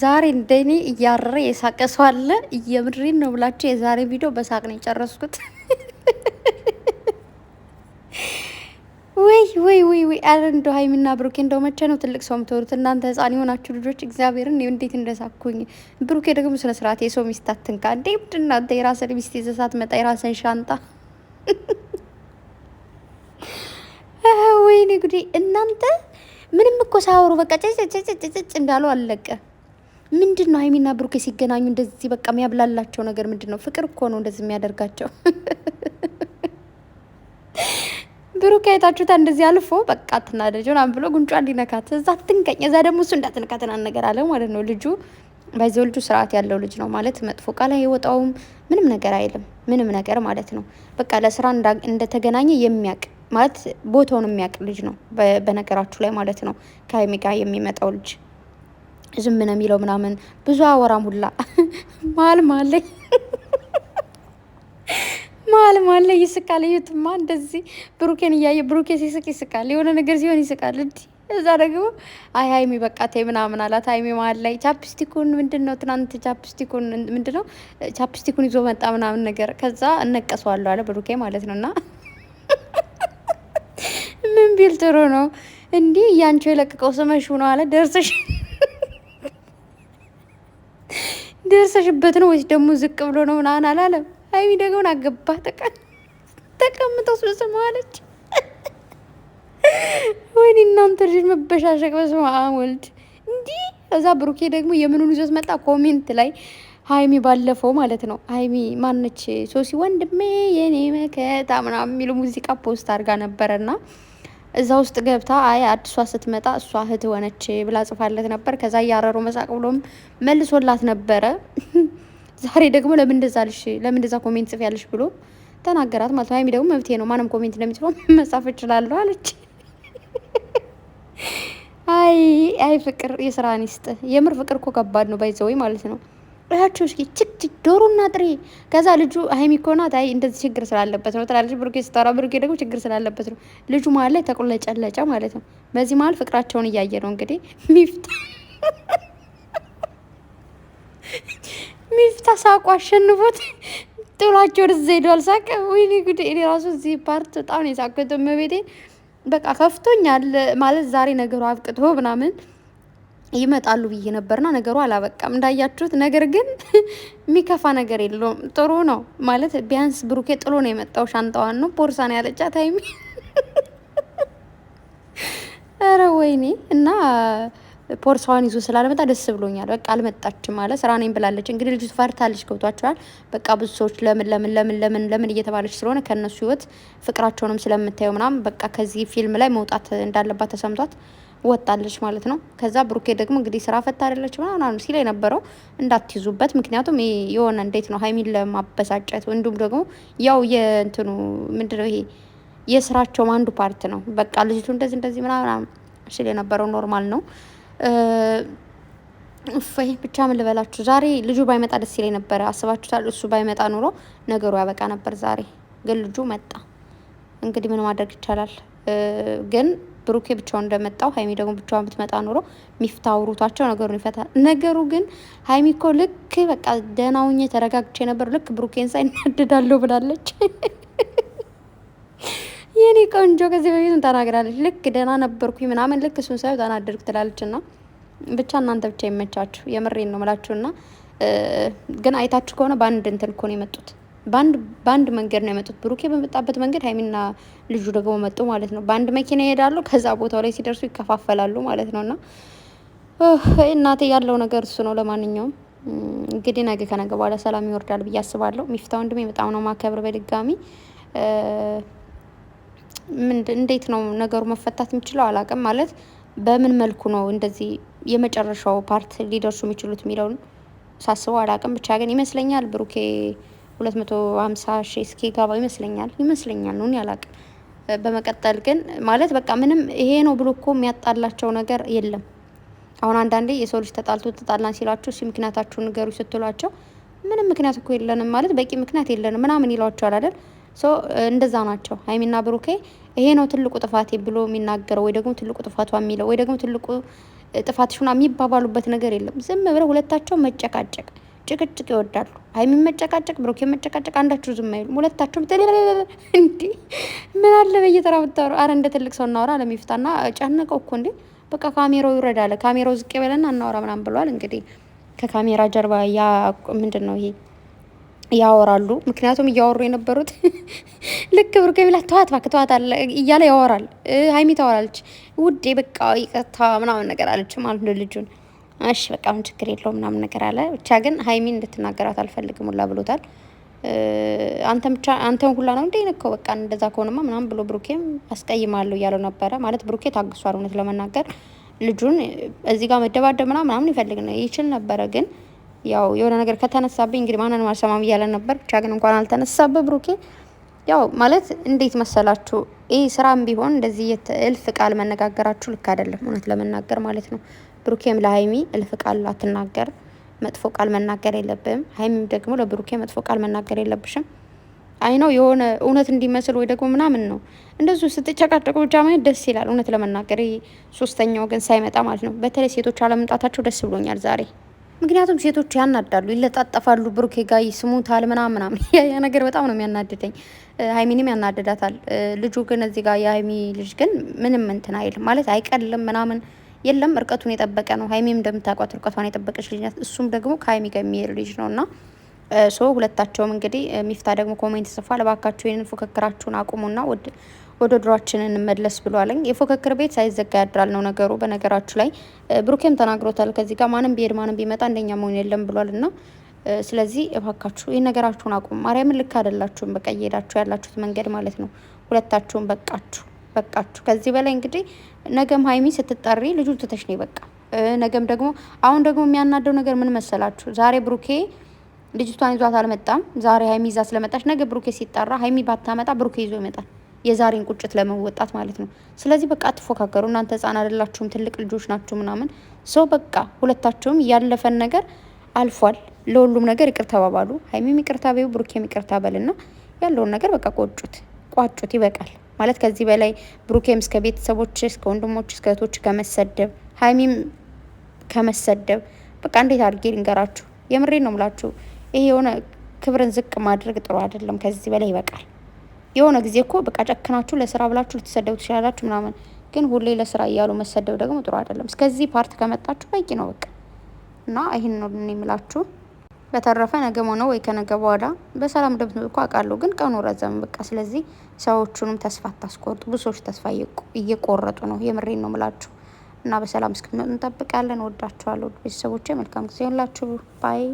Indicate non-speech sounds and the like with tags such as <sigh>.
ዛሬ እንደኔ እያረረ የሳቀ ሰው አለ? እየምድሬን ነው ብላችሁ የዛሬ ቪዲዮ በሳቅ ነው የጨረስኩት። ወይ ወይ ወይ ወይ! አረ እንደው ሀይሚና ብሩኬ እንደው መቼ ነው ትልቅ ሰው የምትሆኑት እናንተ ህፃን የሆናችሁ ልጆች? እግዚአብሔርን እንዴት እንደሳኩኝ። ብሩኬ ደግሞ ስነ ስርዓት የሰው ሚስት አትንካ እንዴ! ምንድን እናንተ የራስን ሚስት ይዘህ መጣ የራስን ሻንጣ <laughs> ወይኔ ጉዴ! እናንተ ምንም እኮ ሳወሩ በቃ ጨጨጨጨጨጭ እንዳለው አለቀ። ምንድን ነው ሀይሚና ብሩኬ ሲገናኙ እንደዚህ በቃ የሚያብላላቸው ነገር ምንድን ነው? ፍቅር እኮ ነው እንደዚህ የሚያደርጋቸው። <laughs> ብሩኬ አይታችሁታ እንደዚህ አልፎ በቃ ትናደጀውን ብሎ ጉንጯ እንዲነካት እዛ ትንቀኝ እዛ ደግሞ እሱ እንዳትንካትና ነገር አለ ማለት ነው ልጁ ባይዘው ልጁ ስርዓት ያለው ልጅ ነው ማለት መጥፎ ቃል አይወጣውም። ምንም ነገር አይልም። ምንም ነገር ማለት ነው በቃ ለስራ እንደተገናኘ የሚያቅ ማለት ቦታውን የሚያቅ ልጅ ነው። በነገራችሁ ላይ ማለት ነው ከሀይሚ ጋር የሚመጣው ልጅ ዝም ነው የሚለው ምናምን ብዙ አወራም ሁላ <laughs> ማል ማለ ማል <laughs> ማለ ይስቃል። እዩትማ እንደዚህ ብሩኬን እያየ ብሩኬ ሲስቅ ይስቃል። የሆነ ነገር ሲሆን ይስቃል። እንዲ እዛ ደግሞ አይ ሀይሚ በቃ ተይ ምናምን አላት። ሀይሚ መሀል ላይ ቻፕስቲኩን ምንድን ነው ትናንት ቻፕስቲኩን ምንድን ነው ቻፕስቲኩን ይዞ መጣ ምናምን ነገር ከዛ እነቀሰዋለሁ አለ ብሩኬ ማለት ነው። እና <laughs> ምን ቢል ጥሩ ነው እንዲህ እያንቸው የለቀቀው ስመሽ ነው አለ ደርሰሽ ደርሰሽበት ነው ወይስ ደግሞ ዝቅ ብሎ ነው ምናምን አላለም። ሀይሚ ደግሞን አገባ ተቀምጠው ስለሰማዋለች። ወይኔ እናንተ ልጅ መበሻሸቅ በስመ አብ ወልድ እንዲህ። እዛ ብሩኬ ደግሞ የምኑን ይዞት መጣ ኮሜንት ላይ ሀይሚ ባለፈው ማለት ነው ሀይሚ ማነች ሶሲ ወንድሜ የኔ መከታ ምናምን የሚሉ ሙዚቃ ፖስት አድርጋ ነበረና እዛ ውስጥ ገብታ አይ አዲሷ ስትመጣ እሷ እህት ሆነች ብላ ጽፋለት ነበር። ከዛ እያረሩ መሳቅ ብሎም መልሶላት ነበረ። <laughs> ዛሬ ደግሞ ለምን እንደዛ ልሽ ለምን እንደዛ ኮሜንት ጽፍ ያለሽ ብሎ ተናገራት ማለት ነው። ሀይሚ ደግሞ መብቴ ነው ማንም ኮሜንት እንደሚጽፈው <laughs> መጻፍ እችላለሁ አለች። <laughs> አይ አይ ፍቅር የስራን ይስጥ። የምር ፍቅር እኮ ከባድ ነው ባይዘወይ ማለት ነው። እያቸው እስኪ ችክች ችክ ዶሮና ጥሬ። ከዛ ልጁ ሀይሚ እኮ ናት። አይ እንደዚህ ችግር ስላለበት ነው ትላለች ብሩኬ ስታወራ፣ ብሩኬ ደግሞ ችግር ስላለበት ነው። ልጁ መሀል ላይ ተቆለጨለጨ ማለት ነው። በዚህ መሀል ፍቅራቸውን እያየ ነው እንግዲህ ሚፍታ ሚፍታ ሳቁ አሸንፎት ጥላቸው ወደዛ ሄደዋል። ሳቀ ወይኔ ጉዴ! እኔ ራሱ እዚህ ፓርት በጣም ነው የሳቅሁት። እመቤቴ በቃ ከፍቶኛል ማለት ዛሬ ነገሩ አብቅቶ ምናምን ይመጣሉ ብዬ ነበርና ነገሩ አላበቃም እንዳያችሁት። ነገር ግን <laughs> የሚከፋ ነገር የለውም ጥሩ ነው ማለት ቢያንስ ብሩኬ ጥሎ ነው የመጣው። ሻንጣዋን ነው ቦርሳን ያለቻት ሀይሚ። <laughs> ኧረ ወይኔ እና ፖርሳዋን ይዞ ስላልመጣ ደስ ብሎኛል። በቃ አልመጣችም ማለት ስራ ነኝ ብላለች። እንግዲህ ልጅቱ ፈርታለች፣ ገብቷቸዋል። በቃ ብዙ ሰዎች ለምን ለምን ለምን ለምን ለምን እየተባለች ስለሆነ ከእነሱ ህይወት ፍቅራቸውንም ስለምታየው ምናምን በቃ ከዚህ ፊልም ላይ መውጣት እንዳለባት ተሰምቷት ወጣለች ማለት ነው። ከዛ ብሩኬ ደግሞ እንግዲህ ስራ ፈታ አይደለች ምናምን ሲል የነበረው እንዳትይዙበት፣ ምክንያቱም የሆነ እንዴት ነው ሀይሚን ለማበሳጨት እንዲሁም ደግሞ ያው የእንትኑ ምንድነው ይሄ የስራቸውም አንዱ ፓርት ነው። በቃ ልጅቱ እንደዚህ እንደዚህ ምናምን ሲል የነበረው ኖርማል ነው። እፎይ ብቻ ምን ልበላችሁ፣ ዛሬ ልጁ ባይመጣ ደስ ይለኝ ነበረ። አስባችሁታል? እሱ ባይመጣ ኑሮ ነገሩ ያበቃ ነበር። ዛሬ ግን ልጁ መጣ። እንግዲህ ምን ማድረግ ይቻላል ግን ብሩኬ ብቻውን እንደመጣው ሀይሚ ደግሞ ብቻዋን ብትመጣ ኖሮ ሚፍታ ነገሩን ይፈታል። ነገሩ ግን ሀይሚ እኮ ልክ በቃ ደህና ሁኜ ተረጋግቼ ነበር ልክ ብሩኬን ሳይ እናደዳለሁ ብላለች። <laughs> የኔ ቆንጆ ከዚህ በፊት ተናግራለች። ልክ ደህና ነበርኩኝ ምናምን ልክ እሱን ሳይ ተናደድኩ ትላለች። ና ብቻ እናንተ ብቻ ይመቻችሁ። የምሬን ነው ምላችሁና ግን አይታችሁ ከሆነ በአንድ እንትን እኮ ነው የመጡት በአንድ መንገድ ነው የመጡት። ብሩኬ በመጣበት መንገድ ሀይሚና ልጁ ደግሞ መጡ ማለት ነው። በአንድ መኪና ይሄዳሉ። ከዛ ቦታው ላይ ሲደርሱ ይከፋፈላሉ ማለት ነው። እና እናቴ ያለው ነገር እሱ ነው። ለማንኛውም እንግዲህ ነገ ከነገ በኋላ ሰላም ይወርዳል ብዬ አስባለሁ። ሚፍታ ወንድሜ በጣም ነው ማከብር። በድጋሚ እንዴት ነው ነገሩ መፈታት የሚችለው አላውቅም። ማለት በምን መልኩ ነው እንደዚህ የመጨረሻው ፓርት ሊደርሱ የሚችሉት የሚለውን ሳስበው አላውቅም። ብቻ ግን ይመስለኛል ብሩኬ ሁለት መቶ ሀምሳ ሺ እስኪ ይመስለኛል ይመስለኛል ነው ያላቅም። በመቀጠል ግን ማለት በቃ ምንም ይሄ ነው ብሎ እኮ የሚያጣላቸው ነገር የለም። አሁን አንዳንዴ የሰው ልጅ ተጣልቶ ተጣላን ሲላችሁ እሱ ምክንያታችሁ ንገሩ ስትሏቸው ምንም ምክንያት እኮ የለንም ማለት በቂ ምክንያት የለንም ምናምን ይሏቸዋል አይደል? ሶ እንደዛ ናቸው ሀይሚና ብሩኬ። ይሄ ነው ትልቁ ጥፋቴ ብሎ የሚናገረው ወይ ደግሞ ትልቁ ጥፋቷ የሚለው ወይ ደግሞ ትልቁ ጥፋትሽና የሚባባሉበት ነገር የለም። ዝም ብለው ሁለታቸው መጨቃጨቅ ጭቅጭቅ ይወዳሉ። ሀይሚ መጨቃጨቅ፣ ብሩኬ መጨቃጨቅ፣ አንዳችሁ ዝም አይሉ ሁለታችሁም እንዲ ምን አለ በየተራ ብታወሩ። አረ እንደ ትልቅ ሰው እናወራ አለሚፍታና ጨነቀው እኮ እንዴ። በቃ ካሜራው ይረዳለ ካሜራው ዝቅ በለና እናወራ ምናም ብለዋል። እንግዲህ ከካሜራ ጀርባ ያ ምንድን ነው ይሄ ያወራሉ። ምክንያቱም እያወሩ የነበሩት <laughs> ልክ ብሩኬ ቢላት ተዋት እባክህ ተዋት አለ እያለ ያወራል። ሀይሚ ታወራለች። ውዴ በቃ ይቅርታ ምናምን ነገር አለች ማለት ነው ልጁን እሺ በቃ አሁን ችግር የለው ምናምን ነገር አለ። ብቻ ግን ሀይሚን እንድትናገራት አልፈልግም ሁላ ብሎታል። አንተ ብቻ አንተን ሁላ ነው እንዴ ነከው በቃ እንደዛ ከሆነማ ምናምን ብሎ ብሩኬም አስቀይማለሁ እያለው ነበረ። ማለት ብሩኬ ታግሷል። እውነት ለመናገር ልጁን እዚህ ጋር መደባደብ ምናምን ምናምን ይፈልግ ነው ይችል ነበረ። ግን ያው የሆነ ነገር ከተነሳብኝ እንግዲህ ማንን አልሰማም እያለ ነበር። ብቻ ግን እንኳን አልተነሳበ ብሩኬ ያው ማለት እንዴት መሰላችሁ፣ ይህ ስራም ቢሆን እንደዚህ እልፍ ቃል መነጋገራችሁ ልክ አይደለም፣ እውነት ለመናገር ማለት ነው። ብሩኬም ለሀይሚ እልፍ ቃል አትናገር፣ መጥፎ ቃል መናገር የለብም። ሀይሚም ደግሞ ለብሩኬ መጥፎ ቃል መናገር የለብሽም። አይ ነው የሆነ እውነት እንዲመስል ወይ ደግሞ ምናምን ነው እንደዙ ስትጨቃጨቁ ብቻ ማየት ደስ ይላል። እውነት ለመናገር ሶስተኛ ወገን ሳይመጣ ማለት ነው። በተለይ ሴቶች አለመምጣታቸው ደስ ብሎኛል ዛሬ። ምክንያቱም ሴቶች ያናዳሉ፣ ይለጣጠፋሉ፣ ብሩኬ ጋይ ስሙታል ምናምን ምናምን። <laughs> ያ ነገር በጣም ነው የሚያናድደኝ። ሀይሚንም ያናድዳታል። ልጁ ግን እዚህ ጋር የሀይሚ ልጅ ግን ምንም እንትን አይልም ማለት አይቀልም ምናምን የለም እርቀቱን የጠበቀ ነው። ሀይሚም እንደምታውቋት እርቀቷን የጠበቀች ልጅ ናት። እሱም ደግሞ ከሀይሚ ጋር የሚሄድ ልጅ ነው እና ሶ ሁለታቸውም እንግዲህ ሚፍታ ደግሞ ኮሜንት ጽፏል። እባካችሁ ይህንን ፉክክራችሁን አቁሙና ወደ ድሯችን መለስ ብሏለኝ። የፉክክር ቤት ሳይዘጋ ያድራል ነው ነገሩ። በነገራችሁ ላይ ብሩኬም ተናግሮታል። ከዚህ ጋር ማንም ቢሄድ ማንም ቢመጣ እንደኛ መሆን የለም ብሏል እና ስለዚህ እባካችሁ ይህ ነገራችሁን አቁሙ። ማርያምን ልክ አይደላችሁም። በቃ እየሄዳችሁ ያላችሁት መንገድ ማለት ነው። ሁለታችሁም በቃችሁ። በቃችሁ። ከዚህ በላይ እንግዲህ ነገም ሀይሚ ስትጠሪ ልጁ ትተሽ ነው በቃ። ነገም ደግሞ አሁን ደግሞ የሚያናደው ነገር ምን መሰላችሁ? ዛሬ ብሩኬ ልጅቷን ይዟት አልመጣም። ዛሬ ሀይሚ ይዛ ስለመጣች ነገ ብሩኬ ሲጠራ ሀይሚ ባታመጣ ብሩኬ ይዞ ይመጣል። የዛሬን ቁጭት ለመወጣት ማለት ነው። ስለዚህ በቃ አትፎካከሩ። እናንተ ህጻን አይደላችሁም፣ ትልቅ ልጆች ናችሁ ምናምን ሰው በቃ ሁለታችሁም ያለፈን ነገር አልፏል። ለሁሉም ነገር ይቅር ተባባሉ። ሀይሚም ይቅርታ በይው፣ ብሩኬም ይቅርታ በልና ያለውን ነገር በቃ ቆጩት፣ ቋጩት፣ ይበቃል። ማለት ከዚህ በላይ ብሩኬም እስከ ቤተሰቦች፣ እስከ ወንድሞች፣ እስከ እህቶች ከመሰደብ ሀይሚም ከመሰደብ በቃ እንዴት አድርጌ ልንገራችሁ? የምሬ ነው ምላችሁ። ይሄ የሆነ ክብርን ዝቅ ማድረግ ጥሩ አይደለም። ከዚህ በላይ ይበቃል። የሆነ ጊዜ እኮ በቃ ጨክናችሁ ለስራ ብላችሁ ልትሰደቡ ትችላላችሁ ምናምን፣ ግን ሁሌ ለስራ እያሉ መሰደብ ደግሞ ጥሩ አይደለም። እስከዚህ ፓርት ከመጣችሁ በቂ ነው በቃ እና ይህን ነው የምላችሁ። በተረፈ ነገም ሆነ ወይ ከነገ በኋላ በሰላም ደብት እኮ አውቃለሁ፣ ግን ቀኑ ረዘም በቃ። ስለዚህ ሰዎቹንም ተስፋ አታስቆርጡ። ብዙ ሰዎች ተስፋ እየቆረጡ ነው። የምሬን ነው ምላችሁ እና በሰላም እስክትመጡ እንጠብቃለን። ወዳችኋለሁ ቤተሰቦቼ። መልካም ጊዜ ሆንላችሁ ባይ